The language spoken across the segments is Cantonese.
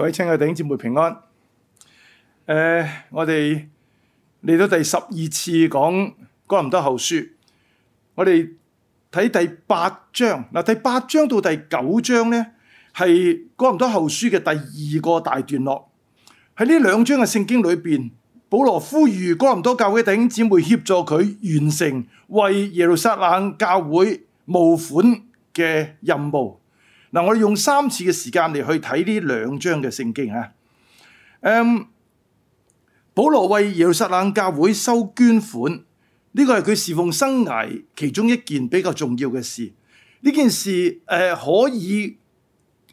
各位親愛的弟兄姐妹平安。呃，我哋嚟到第十二次講哥林多後書，我哋睇第八章，第八章到第九章咧係哥林多後書嘅第二個大段落。喺呢兩章嘅聖經裏面，保羅呼籲哥林多教會的弟兄姊妹協助佢完成為耶路撒冷教會募款嘅任務。嗱，我哋用三次嘅時間嚟去睇呢兩章嘅聖經嚇、嗯。保羅為耶路撒冷教會收捐款，呢、呢個係佢侍奉生涯其中一件比較重要嘅事。呢件事誒、呃、可以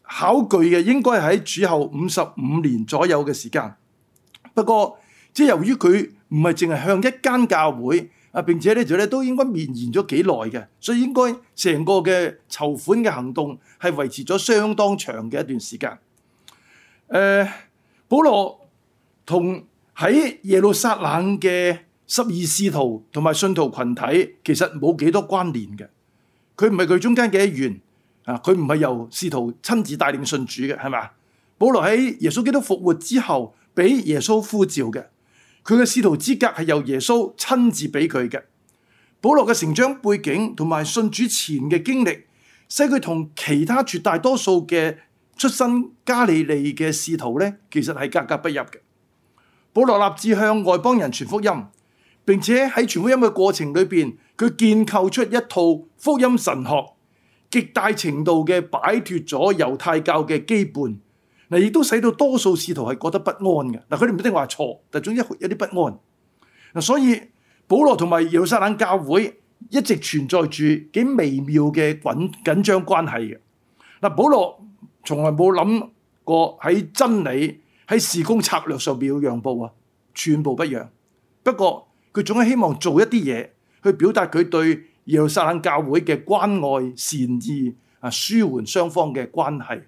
考據嘅，應該係喺主後五十五年左右嘅時間。不過，即係由於佢唔係淨係向一間教會。啊！並且呢就咧都應該綿延咗幾耐嘅，所以應該成個嘅籌款嘅行動係維持咗相當長嘅一段時間。誒、呃，保羅同喺耶路撒冷嘅十二使徒同埋信徒群體其實冇幾多關聯嘅，佢唔係佢中間嘅一員啊！佢唔係由使徒親自帶領信主嘅，係咪？保羅喺耶穌基督復活之後俾耶穌呼召嘅。佢嘅使徒資格係由耶穌親自俾佢嘅。保羅嘅成長背景同埋信主前嘅經歷，使佢同其他絕大多數嘅出身加利利嘅使徒呢，其實係格格不入嘅。保羅立志向外邦人傳福音，並且喺傳福音嘅過程裏面，佢建構出一套福音神學，極大程度嘅擺脫咗猶太教嘅羈絆。嗱，亦都使到多數信徒係覺得不安嘅。嗱，佢哋唔一定話錯，但係總有一有啲不安。所以保羅同埋耶路撒冷教會一直存在住幾微妙嘅緊緊張關係嘅。嗱，保羅從來冇諗過喺真理喺事工策略上面要讓步啊，全部不讓。不過佢總係希望做一啲嘢去表達佢對耶路撒冷教會嘅關愛善意啊，舒緩雙方嘅關係。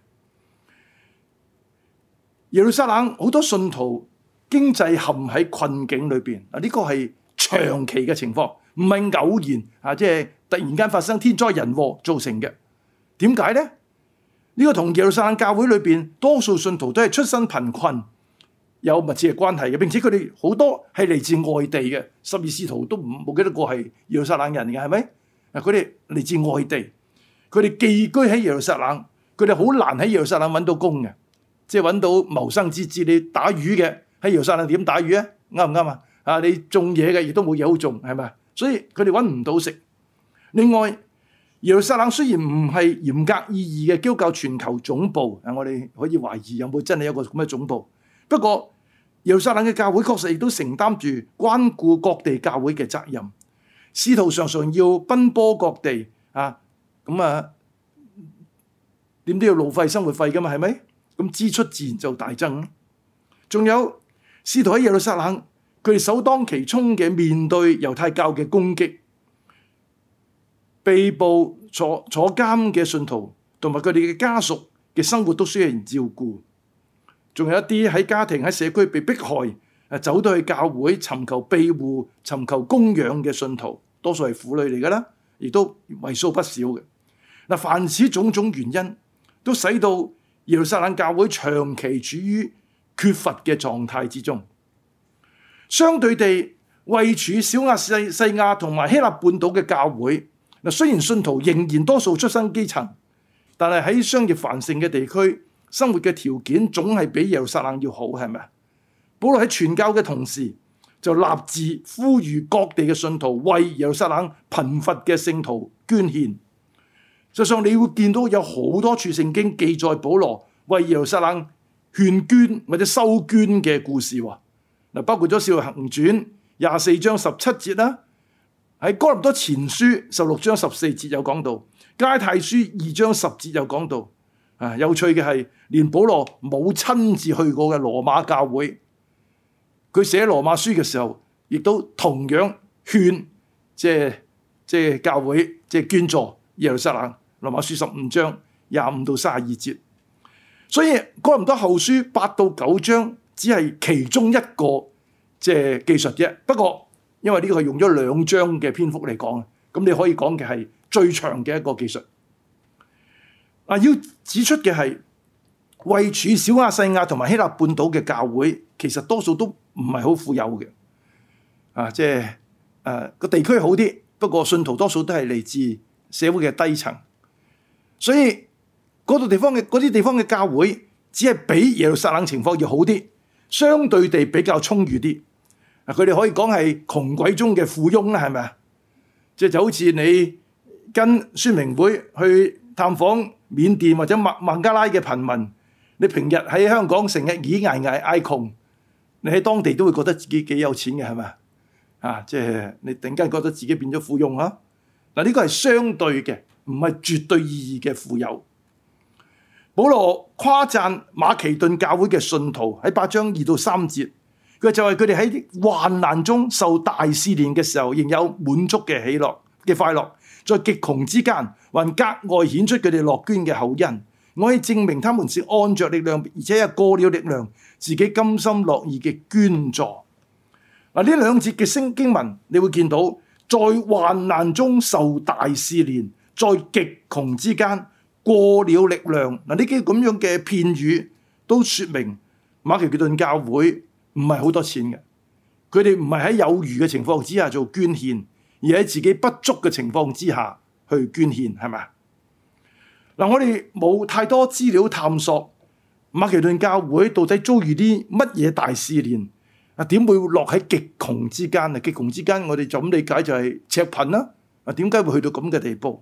耶路撒冷好多信徒經濟陷喺困境裏邊，嗱呢個係長期嘅情況，唔係偶然啊，即係突然間發生天災人禍造成嘅。點解咧？呢個同耶路撒冷教會裏邊多數信徒都係出身貧困有密切嘅關係嘅，並且佢哋好多係嚟自外地嘅。十二使徒都唔冇幾多個係耶路撒冷人嘅，係咪？啊，佢哋嚟自外地，佢哋寄居喺耶路撒冷，佢哋好難喺耶路撒冷揾到工嘅。.即係揾到謀生之資，你打魚嘅喺耶路撒冷點打魚啊？啱唔啱啊？啊，你種嘢嘅亦都冇嘢好種，係咪？所以佢哋揾唔到食。另外，耶路撒冷雖然唔係嚴格意義嘅叫教，教全球總部，誒，我哋可以懷疑有冇真係一個咁嘅總部。不過，耶路撒冷嘅教會確實亦都承擔住關顧各地教會嘅責任。使徒常常要奔波各地啊，咁啊，點都要路費、生活費噶嘛，係咪？咁支出自然就大增。仲有信徒喺耶路撒冷，佢哋首當其衝嘅面對猶太教嘅攻擊，被捕坐坐監嘅信徒同埋佢哋嘅家屬嘅生活都需要人照顧，仲有一啲喺家庭喺社區被迫害，走到去教會尋求庇護尋求供養嘅信徒，多數係婦女嚟噶啦，亦都為數不少嘅。嗱，凡此種種原因，都使到。耶路撒冷教會長期處於缺乏嘅狀態之中，相對地位處小亞細亞同埋希臘半島嘅教會嗱，雖然信徒仍然多數出身基層，但係喺商業繁盛嘅地區，生活嘅條件總係比耶路撒冷要好，係咪啊？保羅喺傳教嘅同時，就立志呼籲各地嘅信徒為耶路撒冷貧乏嘅聖徒捐獻。實際上你會見到有好多處聖經記載保羅為耶路撒冷勸捐或者收捐嘅故事喎。嗱，包括咗《使徒行傳》廿四章十七節啦，喺《哥林多前書》十六章十四節有講到，《加太書》二章十節有講到。啊，有趣嘅係，連保羅冇親自去過嘅羅馬教會，佢寫《羅馬書》嘅時候，亦都同樣勸即係即係教會即係捐助耶路撒冷。《羅馬書》十五章廿五到三十二節，所以哥林多後書八到九章，只係其中一個即係、就是、技術啫。不過因為呢個係用咗兩章嘅篇幅嚟講，咁你可以講嘅係最長嘅一個技術。啊，要指出嘅係，位處小亞細亞同埋希臘半島嘅教會，其實多數都唔係好富有嘅。啊，即係誒個地區好啲，不過信徒多數都係嚟自社會嘅低層。所以嗰度、那個、地方嘅嗰啲地方嘅教會，只係比耶路撒冷情況要好啲，相對地比較充裕啲。啊，佢哋可以講係窮鬼中嘅富翁啦，係咪啊？即係就好似你跟宣明會去探訪緬甸或者孟孟加拉嘅貧民，你平日喺香港成日倚挨挨挨窮，你喺當地都會覺得自己幾有錢嘅，係咪啊？即、就、係、是、你突然間覺得自己變咗富翁啦。嗱、啊，呢個係相對嘅。唔係絕對意義嘅富有。保羅誇讚馬其頓教會嘅信徒喺八章二到三節，佢就係佢哋喺患難中受大試煉嘅時候，仍有滿足嘅喜樂嘅快樂，在極窮之間還格外顯出佢哋樂捐嘅厚恩，我可以證明，他們是按着力量，而且係過了力量，自己甘心樂意嘅捐助。嗱、啊，呢兩節嘅聖經文，你會見到在患難中受大試煉。.在極窮之間，過了力量。嗱，呢啲咁樣嘅片語都説明馬其頓教會唔係好多錢嘅，佢哋唔係喺有餘嘅情況之下做捐獻，而喺自己不足嘅情況之下去捐獻，係咪？嗱，我哋冇太多資料探索馬其頓教會到底遭遇啲乜嘢大試煉啊？點會落喺極窮之間啊？極窮之間，我哋就咁理解就係赤貧啦。啊，點解會去到咁嘅地步？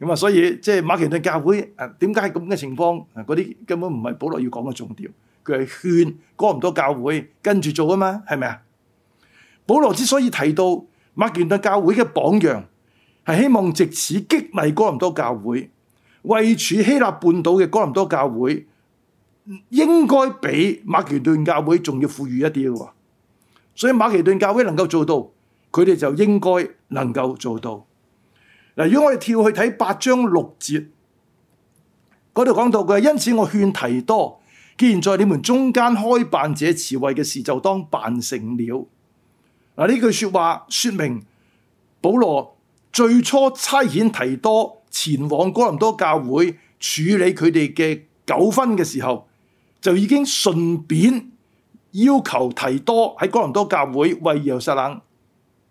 咁啊，所以即係馬其頓教會啊，點解係咁嘅情況？嗰啲根本唔係保羅要講嘅重點。佢係勸哥林多教會跟住做啊嘛，係咪啊？保羅之所以提到馬其頓教會嘅榜樣，係希望藉此激勵哥林多教會。位處希臘半島嘅哥林多教會應該比馬其頓教會仲要富裕一啲嘅喎。所以馬其頓教會能夠做到，佢哋就應該能夠做到。嗱，如果我哋跳去睇八章六節，嗰度講到嘅，因此我勸提多，既然在你們中間開辦這慈惠嘅事，就當辦成了。嗱，呢句説話說明，保羅最初差遣提多前往哥林多教會處理佢哋嘅糾紛嘅時候，就已經順便要求提多喺哥林多教會為耶路撒冷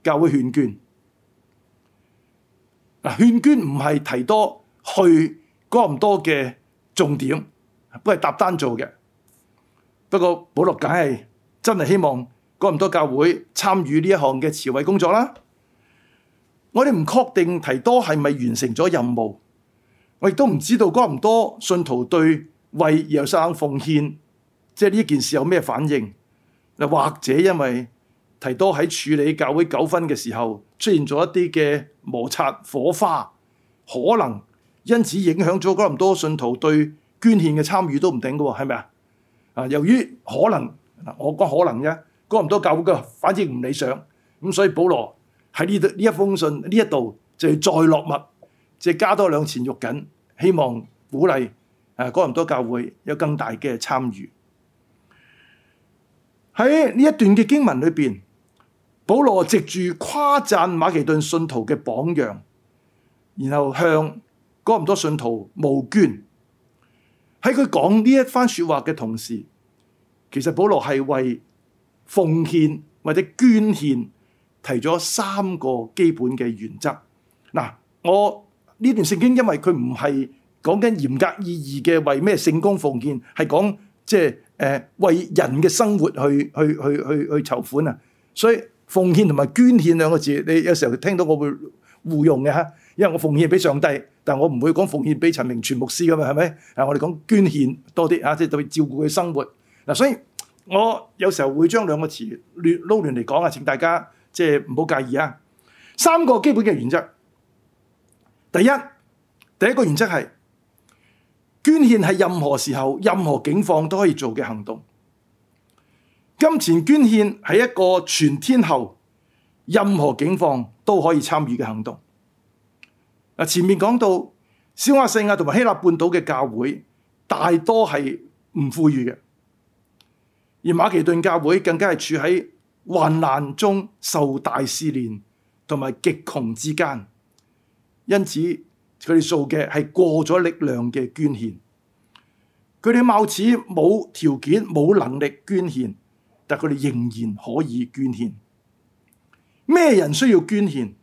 教會勸捐。嗱，勸捐唔係提多去哥林多嘅重點，不過係搭單做嘅。不過保羅梗係真係希望哥林多教會參與呢一項嘅慈惠工作啦。我哋唔確定提多係咪完成咗任務，我亦都唔知道哥林多信徒對為有生奉獻，即係呢件事有咩反應。或者因為提多喺處理教會糾紛嘅時候出現咗一啲嘅。摩擦火花，可能因此影響咗哥林多信徒對捐獻嘅參與都唔定嘅喎，係咪啊？啊，由於可能，我講可能啫，哥林多教會嘅反應唔理想，咁所以保羅喺呢度呢一封信呢一度就再落墨，即係加多兩錢肉緊，希望鼓勵啊哥林多教會有更大嘅參與。喺呢一段嘅經文裏邊。保羅藉住誇讚馬其頓信徒嘅榜樣，然後向咁多信徒募捐。喺佢講呢一番說話嘅同時，其實保羅係為奉獻或者捐獻提咗三個基本嘅原則。嗱，我呢段聖經因為佢唔係講緊嚴格意義嘅為咩聖工奉獻，係講即係誒為人嘅生活去去去去去籌款啊，所以。奉獻同埋捐獻兩個字，你有時候聽到我會互用嘅嚇，因為我奉獻俾上帝，但係我唔會講奉獻俾陳明全牧師咁啊，係咪啊？我哋講捐獻多啲嚇，即係對照顧佢生活，嗱，所以我有時候會將兩個詞亂撈亂嚟講啊，請大家即係唔好介意啊。三個基本嘅原則，第一，第一個原則係捐獻係任何時候、任何境況都可以做嘅行動。金錢捐獻係一個全天候、任何境況都可以參與嘅行動。前面講到小亞細亞同埋希臘半島嘅教會，大多係唔富裕嘅，而馬其頓教會更加係處喺患難中、受大試煉同埋極窮之間，因此佢哋做嘅係過咗力量嘅捐獻，佢哋貌似冇條件、冇能力捐獻。但佢哋仍然可以捐獻。咩人需要捐獻？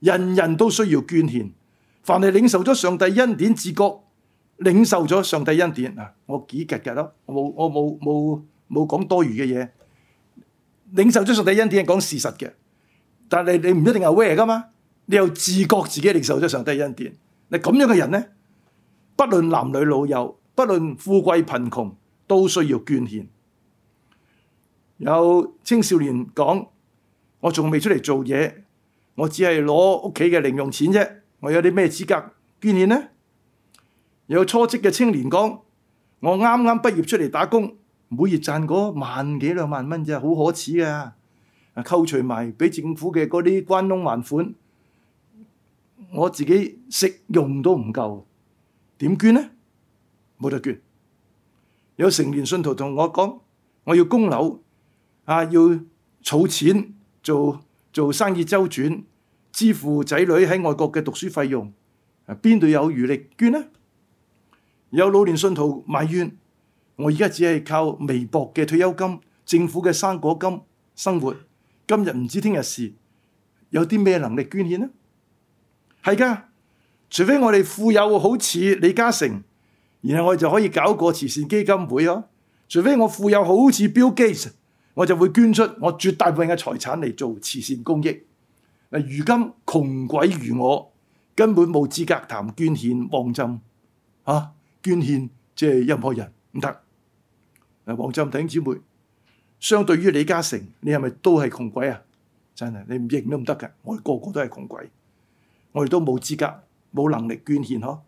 人人都需要捐獻。凡係領受咗上，上帝恩典，自、啊、覺領受咗上，上帝恩典，我幾極㗎咯！我冇我冇冇冇講多餘嘅嘢。領受咗上帝恩典係講事實嘅。但係你唔一定係 aware 噶嘛？你又自覺自己領受咗上帝恩典。你咁樣嘅人咧，不論男女老幼，不論富貴貧窮，都需要捐獻。有青少年講：我仲未出嚟做嘢，我只係攞屋企嘅零用錢啫。我有啲咩資格捐獻呢？有初職嘅青年講：我啱啱畢業出嚟打工，每月賺嗰萬幾兩萬蚊啫，好可恥噶、啊！扣除埋俾政府嘅嗰啲關窿還款，我自己食用都唔夠，點捐呢？冇得捐。有成年信徒同我講：我要供樓。啊！要儲錢做做生意周轉，支付仔女喺外國嘅讀書費用，邊度有餘力捐呢？有老年信徒埋怨，我而家只係靠微薄嘅退休金、政府嘅生果金生活。今日唔知聽日事，有啲咩能力捐獻呢？係㗎，除非我哋富有好似李嘉誠，然後我哋就可以搞個慈善基金會咯。除非我富有好似 Bill Gates。我就會捐出我絕大部分嘅財產嚟做慈善公益。嗱，如今窮鬼如我，根本冇資格談捐獻。望浸啊，捐獻即係任何人唔得。嗱，黃浸弟兄姊妹，相對於李嘉誠，你係咪都係窮鬼啊？真係你唔認都唔得㗎，我哋個個都係窮鬼，我哋都冇資格、冇能力捐獻呵。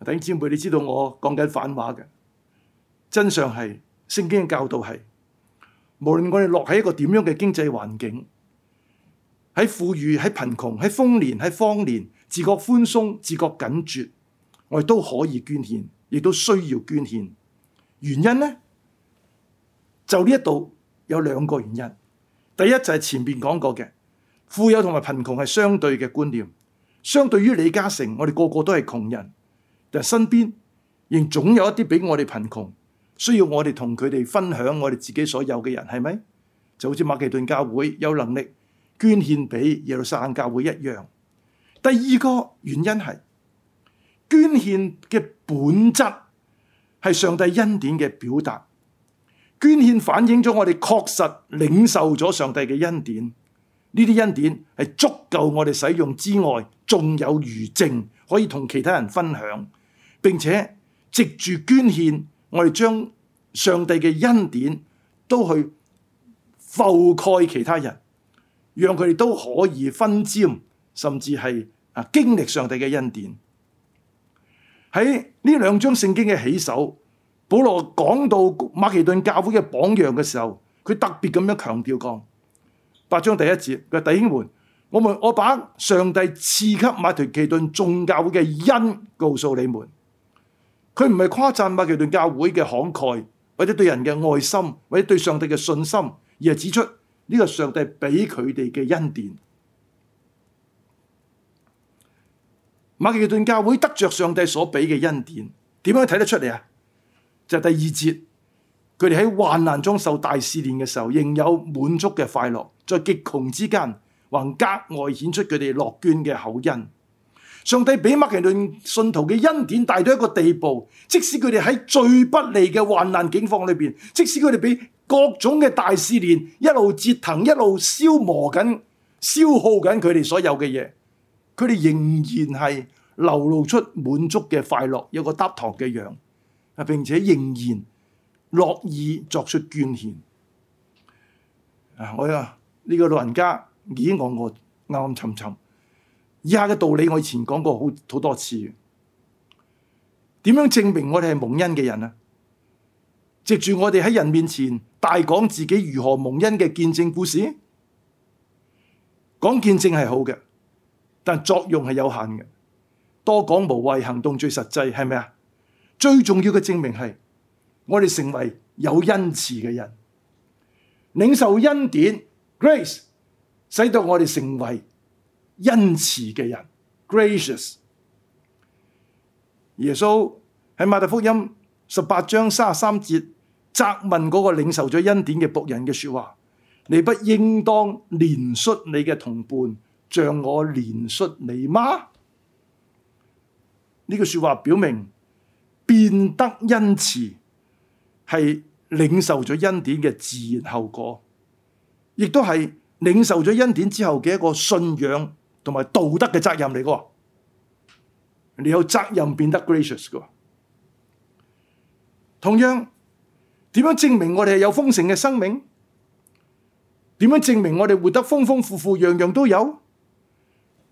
弟兄、啊、姊妹，你知道我講緊反話嘅，真相係聖經嘅教導係。無論我哋落喺一個點樣嘅經濟環境，喺富裕、喺貧窮、喺豐年、喺荒年，自覺寬鬆、自覺緊絕，我哋都可以捐獻，亦都需要捐獻。原因呢？就呢一度有兩個原因。第一就係前邊講過嘅，富有同埋貧窮係相對嘅觀念。相對於李嘉誠，我哋個個都係窮人，但身邊仍總有一啲比我哋貧窮。需要我哋同佢哋分享我哋自己所有嘅人，係咪？就好似馬其頓教會有能力捐獻俾耶路撒冷教會一樣。第二個原因係捐獻嘅本質，係上帝恩典嘅表達。捐獻反映咗我哋確實領受咗上帝嘅恩典，呢啲恩典係足夠我哋使用之外，仲有餘剩可以同其他人分享。並且藉住捐獻，我哋將上帝嘅恩典都去覆蓋其他人，讓佢哋都可以分沾，甚至係啊經歷上帝嘅恩典。喺呢兩章聖經嘅起首，保羅講到馬其頓教會嘅榜樣嘅時候，佢特別咁樣強調講八章第一節嘅弟兄們，我們我把上帝賜給馬提其頓眾教會嘅恩告訴你們。佢唔係誇讚馬其頓教會嘅慷慨，或者對人嘅愛心，或者對上帝嘅信心，而係指出呢個上帝俾佢哋嘅恩典。馬其頓教會得着上帝所俾嘅恩典，點樣睇得出嚟啊？就係第二節，佢哋喺患難中受大試煉嘅時候，仍有滿足嘅快樂，在極窮之間還格外顯出佢哋樂捐嘅口音。上帝俾馬其頓信徒嘅恩典帶到一個地步，即使佢哋喺最不利嘅患難境況裏面，即使佢哋俾各種嘅大試煉一路折騰，一路消磨緊、消耗緊佢哋所有嘅嘢，佢哋仍然係流露出滿足嘅快樂，有個搭堂嘅樣啊！並且仍然樂意作出捐獻啊！我啊，呢、這個老人家已經我啱暗沉沉。以下嘅道理我以前講過好好多次，點樣證明我哋係蒙恩嘅人啊？藉住我哋喺人面前大講自己如何蒙恩嘅見證故事，講見證係好嘅，但作用係有限嘅。多講無謂，行動最實際，係咪啊？最重要嘅證明係我哋成為有恩賜嘅人，領受恩典 Grace，使到我哋成為。恩慈嘅人，gracious。耶穌喺馬太福音十八章三十三節責問嗰個領受咗恩典嘅僕人嘅說話：「你不應當憐恤你嘅同伴，像我憐恤你嗎？」呢句說話表明變得恩慈係領受咗恩典嘅自然後果，亦都係領受咗恩典之後嘅一個信仰。同埋道德嘅責任嚟噶，你有責任變得 gracious 噶。同樣，點樣證明我哋係有豐盛嘅生命？點樣證明我哋活得豐豐富富，樣樣都有？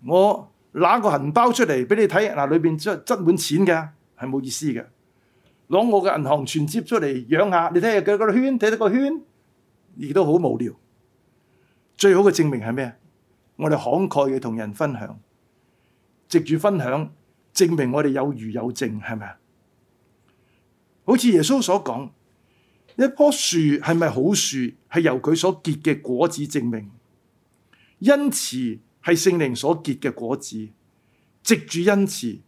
我拿個銀包出嚟俾你睇，嗱，裏邊即係塞塞滿錢嘅係冇意思嘅。攞我嘅銀行存折出嚟，養下你睇下佢個圈，睇得個圈，亦都好無聊。最好嘅證明係咩？我哋慷慨嘅同人分享，藉住分享證明我哋有餘有剩，係咪啊？好似耶穌所講，一棵樹係咪好樹，係由佢所結嘅果子證明。恩慈係聖靈所結嘅果子，藉住恩慈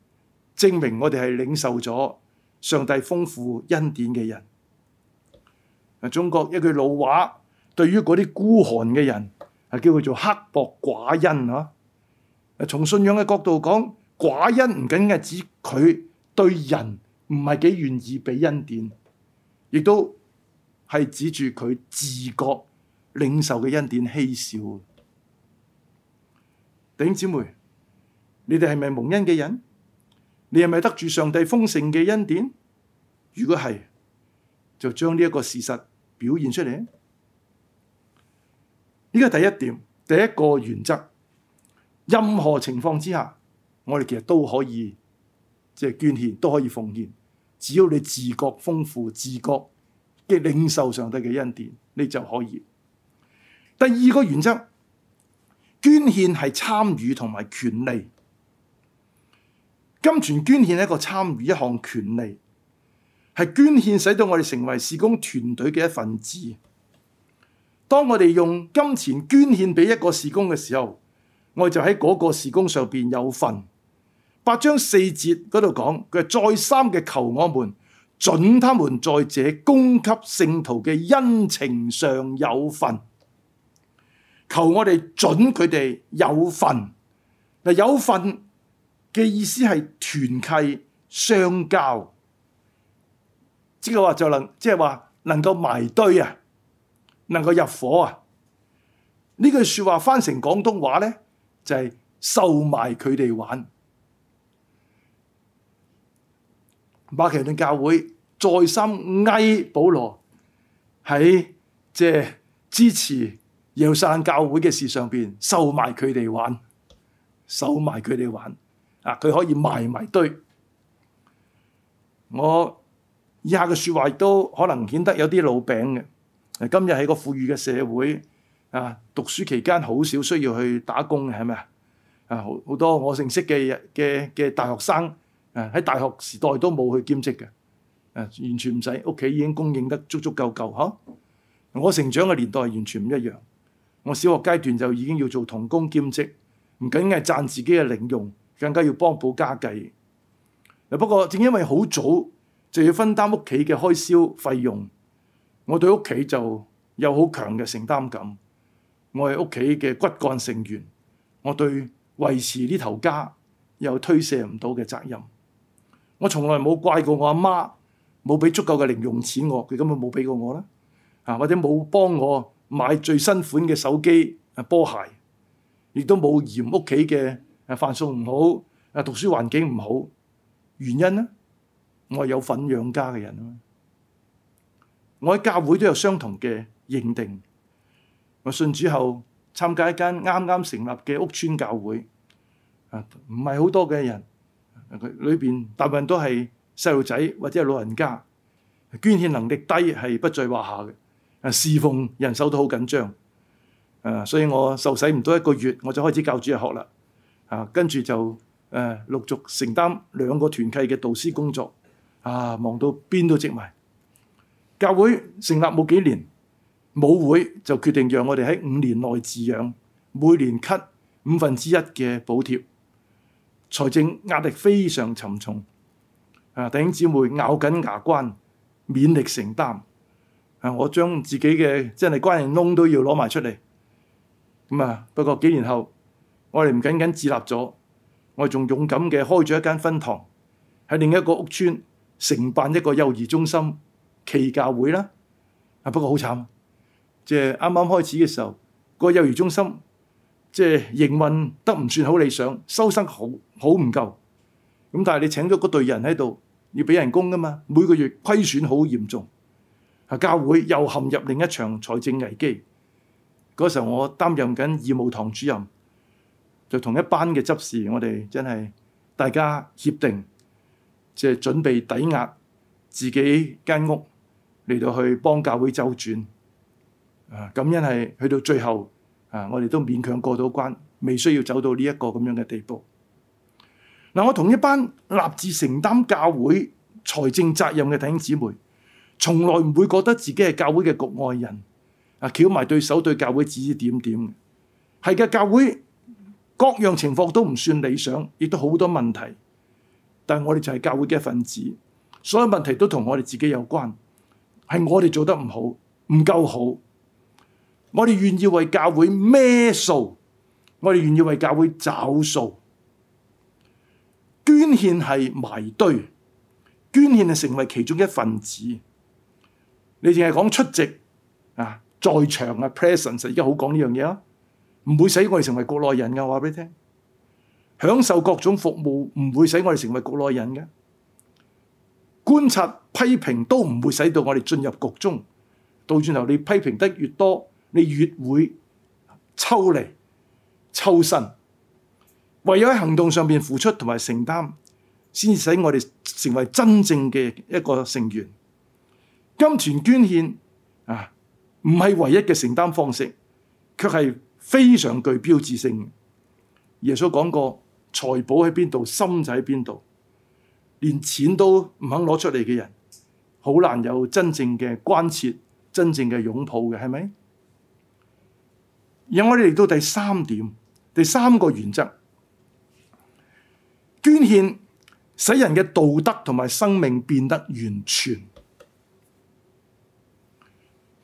證明我哋係領受咗上帝豐富恩典嘅人。啊，中國一句老話，對於嗰啲孤寒嘅人。係叫佢做刻薄寡恩嗬。從信仰嘅角度講，寡恩唔僅係指佢對人唔係幾願意俾恩典，亦都係指住佢自覺領受嘅恩典稀少。弟兄姊妹，你哋係咪蒙恩嘅人？你係咪得住上帝豐盛嘅恩典？如果係，就將呢一個事實表現出嚟。呢個第一點，第一個原則，任何情況之下，我哋其實都可以即係、就是、捐獻，都可以奉獻，只要你自覺豐富、自覺嘅領受上帝嘅恩典，你就可以。第二個原則，捐獻係參與同埋權利，金錢捐獻係一個參與一項權利，係捐獻使到我哋成為事工團隊嘅一份子。當我哋用金錢捐獻俾一個事工嘅時候，我就喺嗰個事工上面有份。八章四節嗰度講，佢再三嘅求我們準他們在這供給聖徒嘅恩情上有份，求我哋準佢哋有份。嗱，有份嘅意思係團契相交，即係話就能即係話能夠埋堆啊！能夠入伙啊！呢句説話翻成廣東話呢，就係、是、收埋佢哋玩。馬其頓教會再三哀保羅喺即係支持耶路撒冷教會嘅事上邊，收埋佢哋玩，收埋佢哋玩啊！佢可以賣埋堆。我以下嘅説話都可能顯得有啲老餅嘅。今日係個富裕嘅社會，啊，讀書期間好少需要去打工嘅，係咪啊？啊，好好多我認識嘅嘅嘅大學生，誒喺大學時代都冇去兼職嘅，完全唔使屋企已經供應得足足夠夠嚇。我成長嘅年代完全唔一樣，我小學階段就已經要做童工兼職，唔僅係賺自己嘅零用，更加要幫補家計。不過正因為好早就要分擔屋企嘅開銷費用。我對屋企就有好強嘅承擔感，我係屋企嘅骨幹成員，我對維持呢頭家有推卸唔到嘅責任。我從來冇怪過我阿媽冇俾足夠嘅零用錢我，佢根本冇俾過我啦。啊，或者冇幫我買最新款嘅手機、波鞋，亦都冇嫌屋企嘅飯餸唔好、啊讀書環境唔好。原因呢，我係有份養家嘅人啊。我喺教會都有相同嘅認定。我信主後參加一間啱啱成立嘅屋邨教會，唔係好多嘅人，裏、啊、面大部分都係細路仔或者係老人家，捐獻能力低係不在話下嘅、啊。侍奉人手都好緊張、啊，所以我受洗唔到一個月，我就開始教主日學啦。跟、啊、住就誒、啊、陸續承擔兩個團契嘅導師工作，啊，忙到邊都積埋。教會成立冇幾年，母會就決定讓我哋喺五年內自養，每年 cut 五分之一嘅補貼，財政壓力非常沉重。啊，弟兄姊妹咬緊牙關，勉力承擔。啊，我將自己嘅即係關連窿都要攞埋出嚟。咁啊，不過幾年後，我哋唔僅僅自立咗，我仲勇敢嘅開咗一間分堂，喺另一個屋村承辦一個幼兒中心。其教會啦，啊不過好慘，即係啱啱開始嘅時候，個幼兒中心即係營運得唔算好理想，收生好好唔夠，咁但係你請咗嗰隊人喺度，要俾人工㗎嘛，每個月虧損好嚴重，啊教會又陷入另一場財政危機，嗰時候我擔任緊義務堂主任，就同一班嘅執事，我哋真係大家協定，即係準備抵押自己間屋。嚟到去幫教會周轉，咁、啊、因係去到最後，啊，我哋都勉強過到關，未需要走到呢一個咁樣嘅地步。嗱、啊，我同一班立志承擔教會財政責任嘅弟兄姊妹，從來唔會覺得自己係教會嘅局外人，啊，翹埋對手對教會指指點點。係嘅，教會各樣情況都唔算理想，亦都好多問題。但係我哋就係教會嘅一份子，所有問題都同我哋自己有關。係我哋做得唔好，唔夠好。我哋願意為教會孭數，我哋願意為教會找數。捐獻係埋堆，捐獻係成為其中一份子。你淨係講出席啊，在場嘅 presence 而家好講呢樣嘢啊，唔會使我哋成為國內人嘅。話俾你聽，享受各種服務，唔會使我哋成為國內人嘅。觀察、批評都唔會使到我哋進入局中。到轉頭，你批評得越多，你越會抽離、抽身。唯有喺行動上面付出同埋承擔，先使我哋成為真正嘅一個成員。金錢捐獻啊，唔係唯一嘅承擔方式，卻係非常具標誌性。耶穌講過：財寶喺邊度，心就喺邊度。連錢都唔肯攞出嚟嘅人，好難有真正嘅關切、真正嘅擁抱嘅，係咪？而我哋嚟到第三點，第三個原則：捐獻使人嘅道德同埋生命變得完全。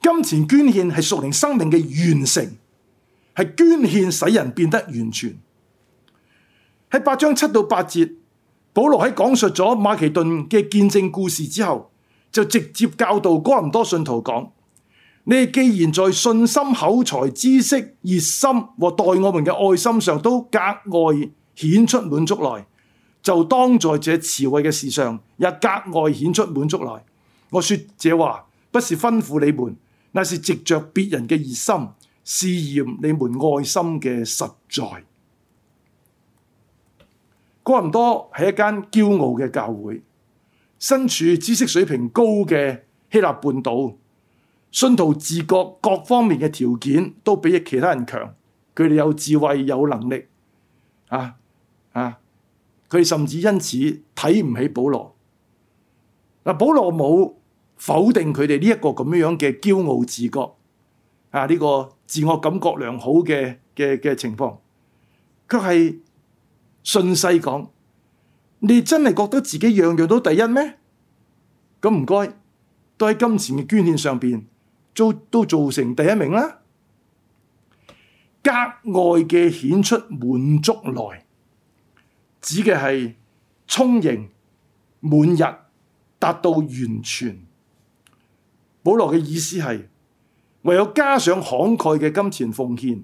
金錢捐獻係屬靈生命嘅完成，係捐獻使人變得完全。喺八章七到八節。保羅喺講述咗馬其頓嘅見證故事之後，就直接教導哥林多信徒講：你既然在信心、口才、知識、熱心和待我們嘅愛心上都格外顯出滿足來，就當在這慈惠嘅事上也格外顯出滿足來。我說這話不是吩咐你們，乃是藉着別人嘅熱心試驗你們愛心嘅實在。哥林多係一間驕傲嘅教會，身處知識水平高嘅希臘半島，信徒自覺各方面嘅條件都比其他人強，佢哋有智慧有能力，啊啊！佢哋甚至因此睇唔起保羅。嗱、啊，保羅冇否定佢哋呢一個咁樣嘅驕傲自覺，啊呢、呢個自我感覺良好嘅嘅嘅情況，卻係，順勢講，你真係覺得自己樣樣都第一咩？咁唔該，都喺金錢嘅捐獻上邊，都都做成第一名啦。格外嘅顯出滿足來，指嘅係充盈滿日，達到完全。保羅嘅意思係，唯有加上慷慨嘅金錢奉獻。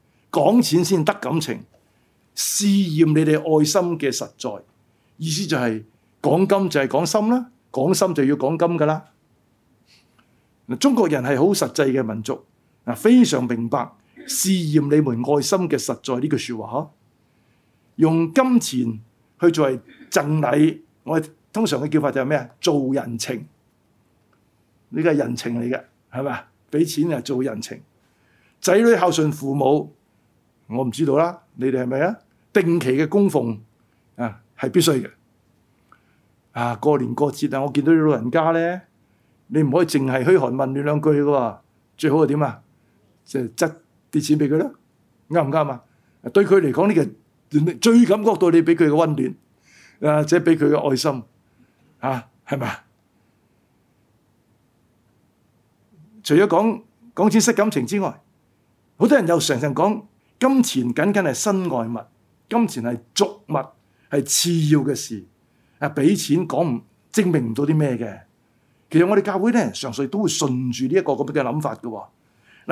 講錢先得感情，試驗你哋愛心嘅實在。意思就係、是、講金就係講心啦，講心就要講金噶啦。中國人係好實際嘅民族，非常明白試驗你們愛心嘅實在呢句說話。用金錢去作為贈禮，我哋通常嘅叫法就係咩啊？做人情，呢個係人情嚟嘅係咪啊？俾錢啊，做人情，仔女孝順父母。我唔知道啦，你哋係咪啊？定期嘅供奉啊，係必須嘅。啊，過年過節啊，我見到啲老人家咧，你唔可以淨係噓寒問暖兩句嘅喎，最好係就點啊？即係執啲錢俾佢咯，啱唔啱啊？對佢嚟講，呢個最感覺到你俾佢嘅溫暖，啊，即係俾佢嘅愛心，嚇係咪啊？除咗講講錢失感情之外，好多人又常常講。金錢僅僅係身外物，金錢係俗物，係次要嘅事。啊，俾錢講唔證明唔到啲咩嘅。其實我哋教會咧，常熟都會順住呢一個咁嘅諗法噶。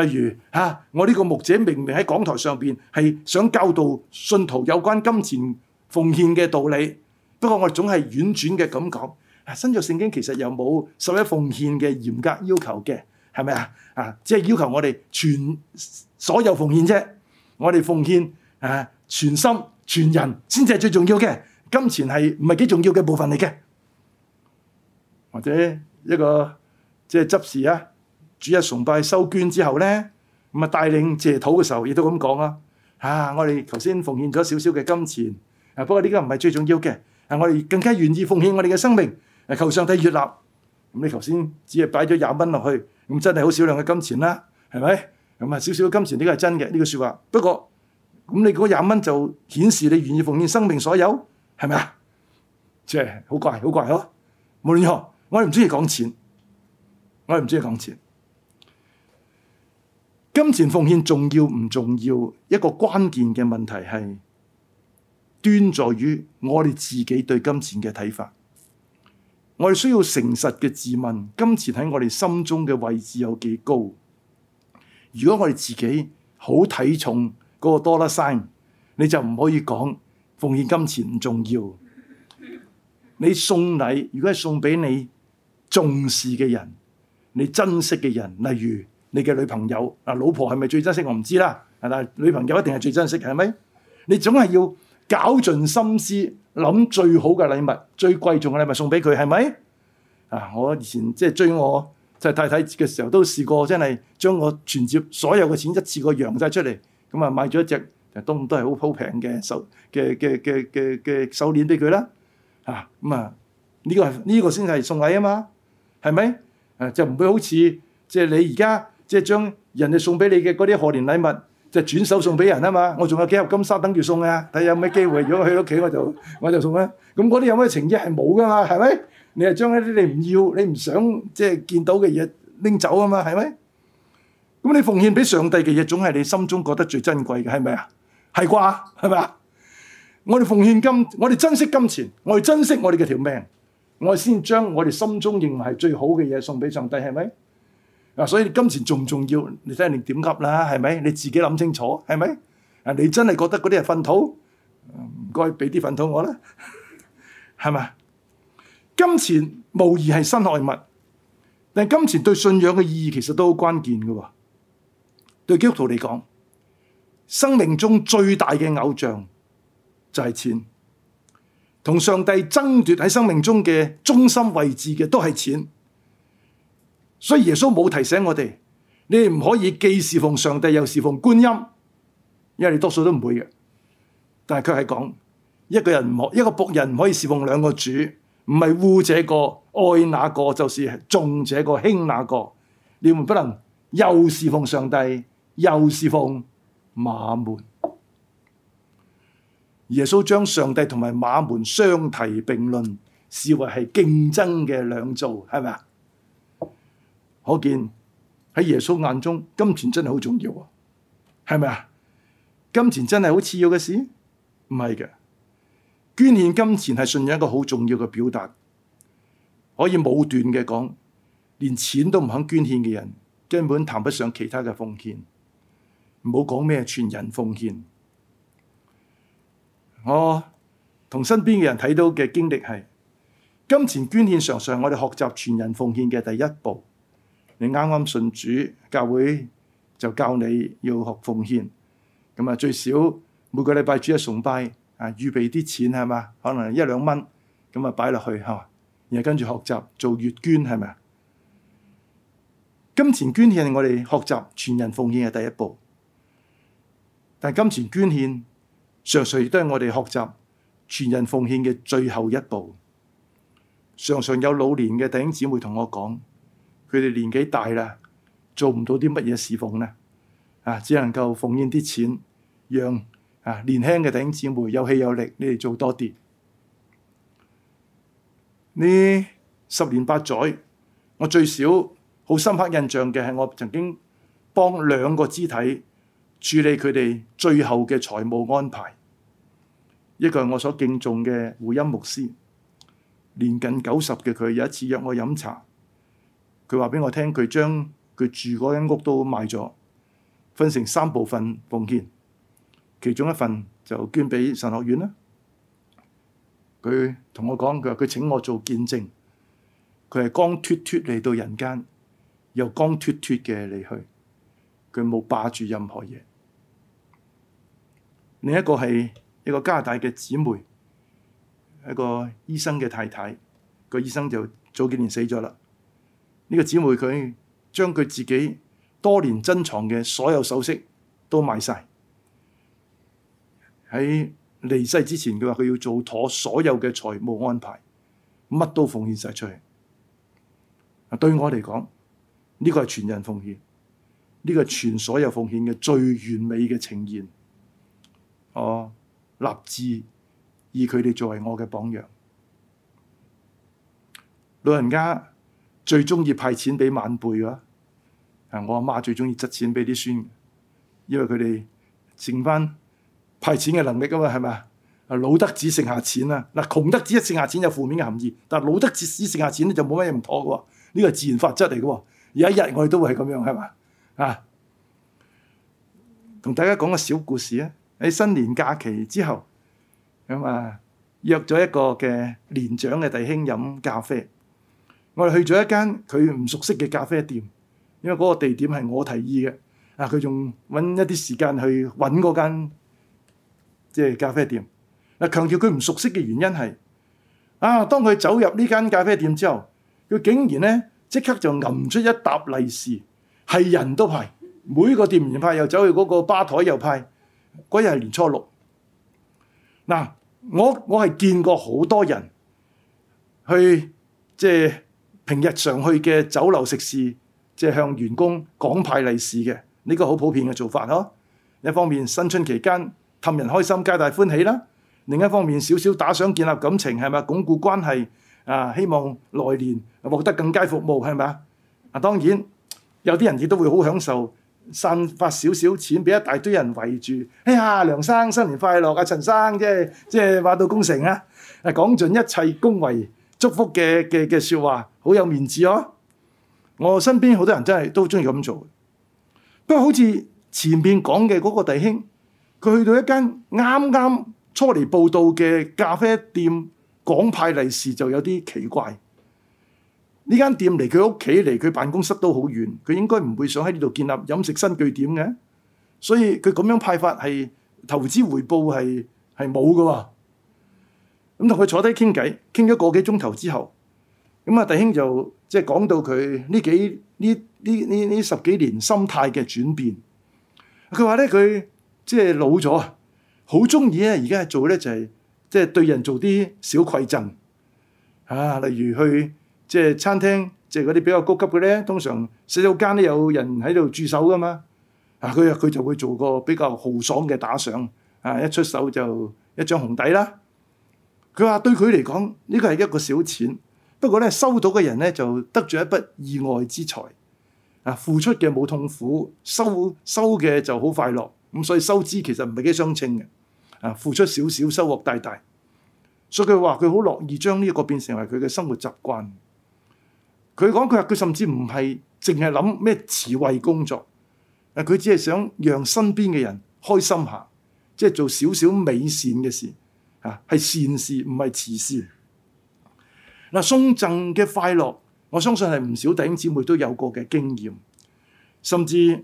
例如吓，我呢個牧者明明喺講台上邊係想教導信徒有關金錢奉獻嘅道理，不過我哋總係婉轉嘅咁講。新約聖經其實又冇十一奉獻嘅嚴格要求嘅，係咪啊？啊，只係要求我哋全所有奉獻啫。我哋奉獻啊，全心全人先至係最重要嘅，金錢係唔係幾重要嘅部分嚟嘅。或者一個即係執事啊，主日崇拜收捐之後咧，咁啊帶領謝土嘅時候，亦都咁講啊，啊我哋頭先奉獻咗少少嘅金錢，啊不過呢個唔係最重要嘅，啊我哋更加願意奉獻我哋嘅生命，求上帝悅納。咁你頭先只係擺咗廿蚊落去，咁真係好少量嘅金錢啦，係咪？咁啊，少少金錢呢個係真嘅呢個說話。不過，咁你嗰廿蚊就顯示你願意奉獻生命所有，係咪啊？即係好怪，好怪哦！無論如何，我哋唔中意講錢，我哋唔中意講錢。金錢奉獻重要唔重要？一個關鍵嘅問題係端在於我哋自己對金錢嘅睇法。我哋需要誠實嘅自問，金錢喺我哋心中嘅位置有幾高？如果我哋自己好睇重嗰個 dollar sign，你就唔可以講奉獻金錢唔重要。你送禮，如果係送俾你重視嘅人，你珍惜嘅人，例如你嘅女朋友啊，老婆係咪最珍惜？我唔知啦。但係女朋友一定係最珍惜嘅，係咪？你總係要搞盡心思諗最好嘅禮物、最貴重嘅禮物送俾佢，係咪？啊！我以前即係追我。就太太節嘅時候都試過，真係將我存折所有嘅錢一次過揚晒出嚟，咁啊買咗一隻都不都係好鋪平嘅手嘅嘅嘅嘅嘅手鏈俾佢啦，嚇咁啊呢、嗯這個呢、這個先係送禮啊嘛，係咪？誒就唔會好似即係你而、就是、家即係將人哋送俾你嘅嗰啲賀年禮物，即就轉手送俾人啊嘛，我仲有幾粒金莎等住送啊，睇下有咩機會，如果我去屋企我就我就送啦、啊。咁嗰啲有咩情意係冇噶嘛，係咪？你係將一啲你唔要、你唔想即係見到嘅嘢拎走啊嘛，係咪？咁你奉獻俾上帝嘅嘢，總係你心中覺得最珍貴嘅，係咪啊？係啩？係咪啊？我哋奉獻金，我哋珍惜金錢，我哋珍惜我哋嘅條命，我先將我哋心中認為係最好嘅嘢送俾上帝，係咪？嗱，所以金錢重唔重要？你睇下你點噏啦，係咪？你自己諗清楚，係咪？啊，你真係覺得嗰啲係糞土，唔該俾啲糞土我啦，係咪？金錢無疑係身外物，但金錢對信仰嘅意義其實都好關鍵嘅。對基督徒嚟講，生命中最大嘅偶像就係錢，同上帝爭奪喺生命中嘅中心位置嘅都係錢。所以耶穌冇提醒我哋，你唔可以既侍奉上帝又侍奉觀音，因為你多數都唔會嘅。但係佢係講，一個人唔可，一個僕人唔可以侍奉兩個主。唔係惡這個愛那個，就是重這個輕那個。你們不能又侍奉上帝，又侍奉馬門。耶穌將上帝同埋馬門相提並論，視為係競爭嘅兩造，係咪啊？可見喺耶穌眼中，金錢真係好重要，係咪啊？金錢真係好次要嘅事，唔係嘅。捐獻金錢係信仰一個好重要嘅表達，可以武斷嘅講，連錢都唔肯捐獻嘅人，根本談不上其他嘅奉獻。唔好講咩全人奉獻。我同身邊嘅人睇到嘅經歷係，金錢捐獻常常我哋學習全人奉獻嘅第一步。你啱啱信主教會就教你要學奉獻，咁啊最少每個禮拜主日崇拜。啊！預備啲錢係嘛？可能一兩蚊咁啊，擺落去呵。然後跟住學習做月捐係咪？金錢捐獻係我哋學習全人奉獻嘅第一步，但金錢捐獻常常亦都係我哋學習全人奉獻嘅最後一步。常常有老年嘅弟兄姊妹同我講，佢哋年紀大啦，做唔到啲乜嘢侍奉呢，啊，只能夠奉獻啲錢，讓年輕嘅弟兄姊妹有氣有力，你哋做多啲。呢十年八載，我最少好深刻印象嘅係我曾經幫兩個肢體處理佢哋最後嘅財務安排。一個係我所敬重嘅胡音牧師，年近九十嘅佢有一次約我飲茶，佢話俾我聽，佢將佢住嗰間屋都賣咗，分成三部分奉獻。其中一份就捐俾神學院啦。佢同我講，佢話佢請我做見證，佢係光脱脱嚟到人間，又光脱脱嘅離去，佢冇霸住任何嘢。另一個係一個加拿大嘅姊妹，一個醫生嘅太太，個醫生就早幾年死咗啦。呢個姊妹佢將佢自己多年珍藏嘅所有首飾都賣晒。喺離世之前，佢話佢要做妥所有嘅財務安排，乜都奉獻晒出去。對我嚟講，呢個係全人奉獻，呢個係全所有奉獻嘅最完美嘅呈現。哦，立志以佢哋作為我嘅榜樣。老人家最中意派錢俾晚輩㗎，啊！我阿媽最中意執錢俾啲孫，因為佢哋剩翻派錢嘅能力啊嘛，係咪啊？老得只剩下錢啦。嗱，窮得只剩下錢有負面嘅含義，但係老得只剩下錢咧就冇乜嘢唔妥嘅喎。呢個係自然法則嚟嘅喎。有一日我哋都會係咁樣，係嘛啊？同大家講個小故事啊。喺新年假期之後，咁、嗯、啊約咗一個嘅年長嘅弟兄飲咖啡。我哋去咗一間佢唔熟悉嘅咖啡店，因為嗰個地點係我提議嘅。啊，佢仲揾一啲時間去揾嗰間。即係咖啡店嗱，強調佢唔熟悉嘅原因係啊。當佢走入呢間咖啡店之後，佢竟然呢即刻就揞出一沓利是，係人都派，每個店員派，又走去嗰個吧台又派。嗰日係年初六嗱，我我係見過好多人去即係平日常去嘅酒樓食肆，即係向員工講派利是嘅呢個好普遍嘅做法囉。一方面新春期間。氹人開心，皆大歡喜啦！另一方面，少少打賞建立感情，係咪啊？鞏固關係啊！希望來年獲得更佳服務，係咪啊？啊，當然有啲人亦都會好享受，散發少少錢，俾一大堆人圍住。哎呀，梁生新年快樂啊！陳生即係即係話到功成啊！誒，講盡一切恭維祝福嘅嘅嘅説話，好有面子哦！我身邊好多人真係都中意咁做。不過好似前面講嘅嗰個弟兄。佢去到一間啱啱初嚟報到嘅咖啡店，講派利是就有啲奇怪。呢間店離佢屋企、離佢辦公室都好遠，佢應該唔會想喺呢度建立飲食新據點嘅。所以佢咁樣派發係投資回報係係冇嘅。咁同佢坐低傾偈，傾咗個幾鐘頭之後，咁啊弟兄就即係講到佢呢幾呢呢呢呢十幾年心態嘅轉變。佢話咧佢。即係老咗，好中意咧。而家做咧就係即係對人做啲小饋贈啊，例如去即係餐廳，即係嗰啲比較高級嘅咧。通常洗手間都有人喺度駐守噶嘛啊，佢佢就會做個比較豪爽嘅打賞啊，一出手就一張紅底啦。佢話對佢嚟講呢個係一個小錢，不過咧收到嘅人咧就得咗一筆意外之財啊。付出嘅冇痛苦，收收嘅就好快樂。咁所以收支其實唔係幾相稱嘅，啊付出少少，收穫大大。所以佢話佢好樂意將呢一個變成為佢嘅生活習慣。佢講佢話佢甚至唔係淨係諗咩慈惠工作，啊佢只係想讓身邊嘅人開心下，即係做少少美善嘅事，啊係善事唔係慈善。嗱，送贈嘅快樂，我相信係唔少弟兄姊妹都有過嘅經驗，甚至。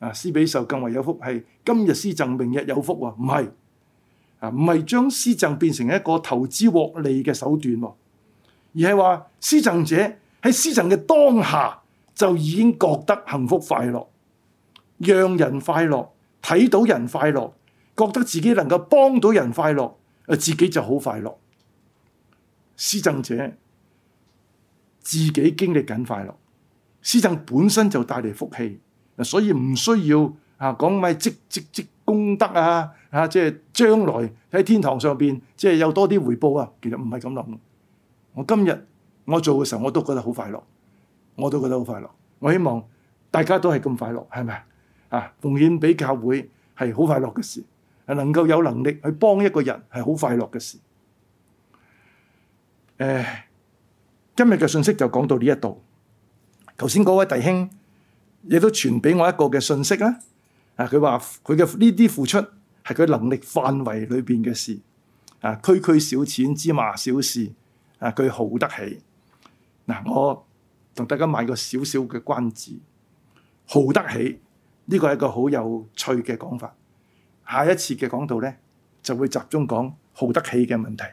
啊！施比受更為有福氣，係今日施贈，明日有福啊，唔係啊，唔係將施贈變成一個投資獲利嘅手段喎，而係話施贈者喺施贈嘅當下就已經覺得幸福快樂，讓人快樂，睇到人快樂，覺得自己能夠幫到人快樂，自己就好快樂。施贈者自己經歷緊快樂，施贈本身就帶嚟福氣。所以唔需要啊，講咪積積積功德啊！啊，即係將來喺天堂上邊即係有多啲回報啊！其實唔係咁諗。我今日我做嘅時候我都覺得好快樂，我都覺得好快樂。我希望大家都係咁快樂，係咪啊？奉獻俾教會係好快樂嘅事，能夠有能力去幫一個人係好快樂嘅事。誒、呃，今日嘅信息就講到呢一度。頭先嗰位弟兄，亦都傳俾我一個嘅信息啦。啊，佢話佢嘅呢啲付出係佢能力範圍裏邊嘅事啊，區區小錢芝麻小事啊，佢耗得起。嗱、啊，我同大家買個小小嘅關子：耗得起呢、呢個係一個好有趣嘅講法。下一次嘅講道呢，就會集中講耗得起嘅問題。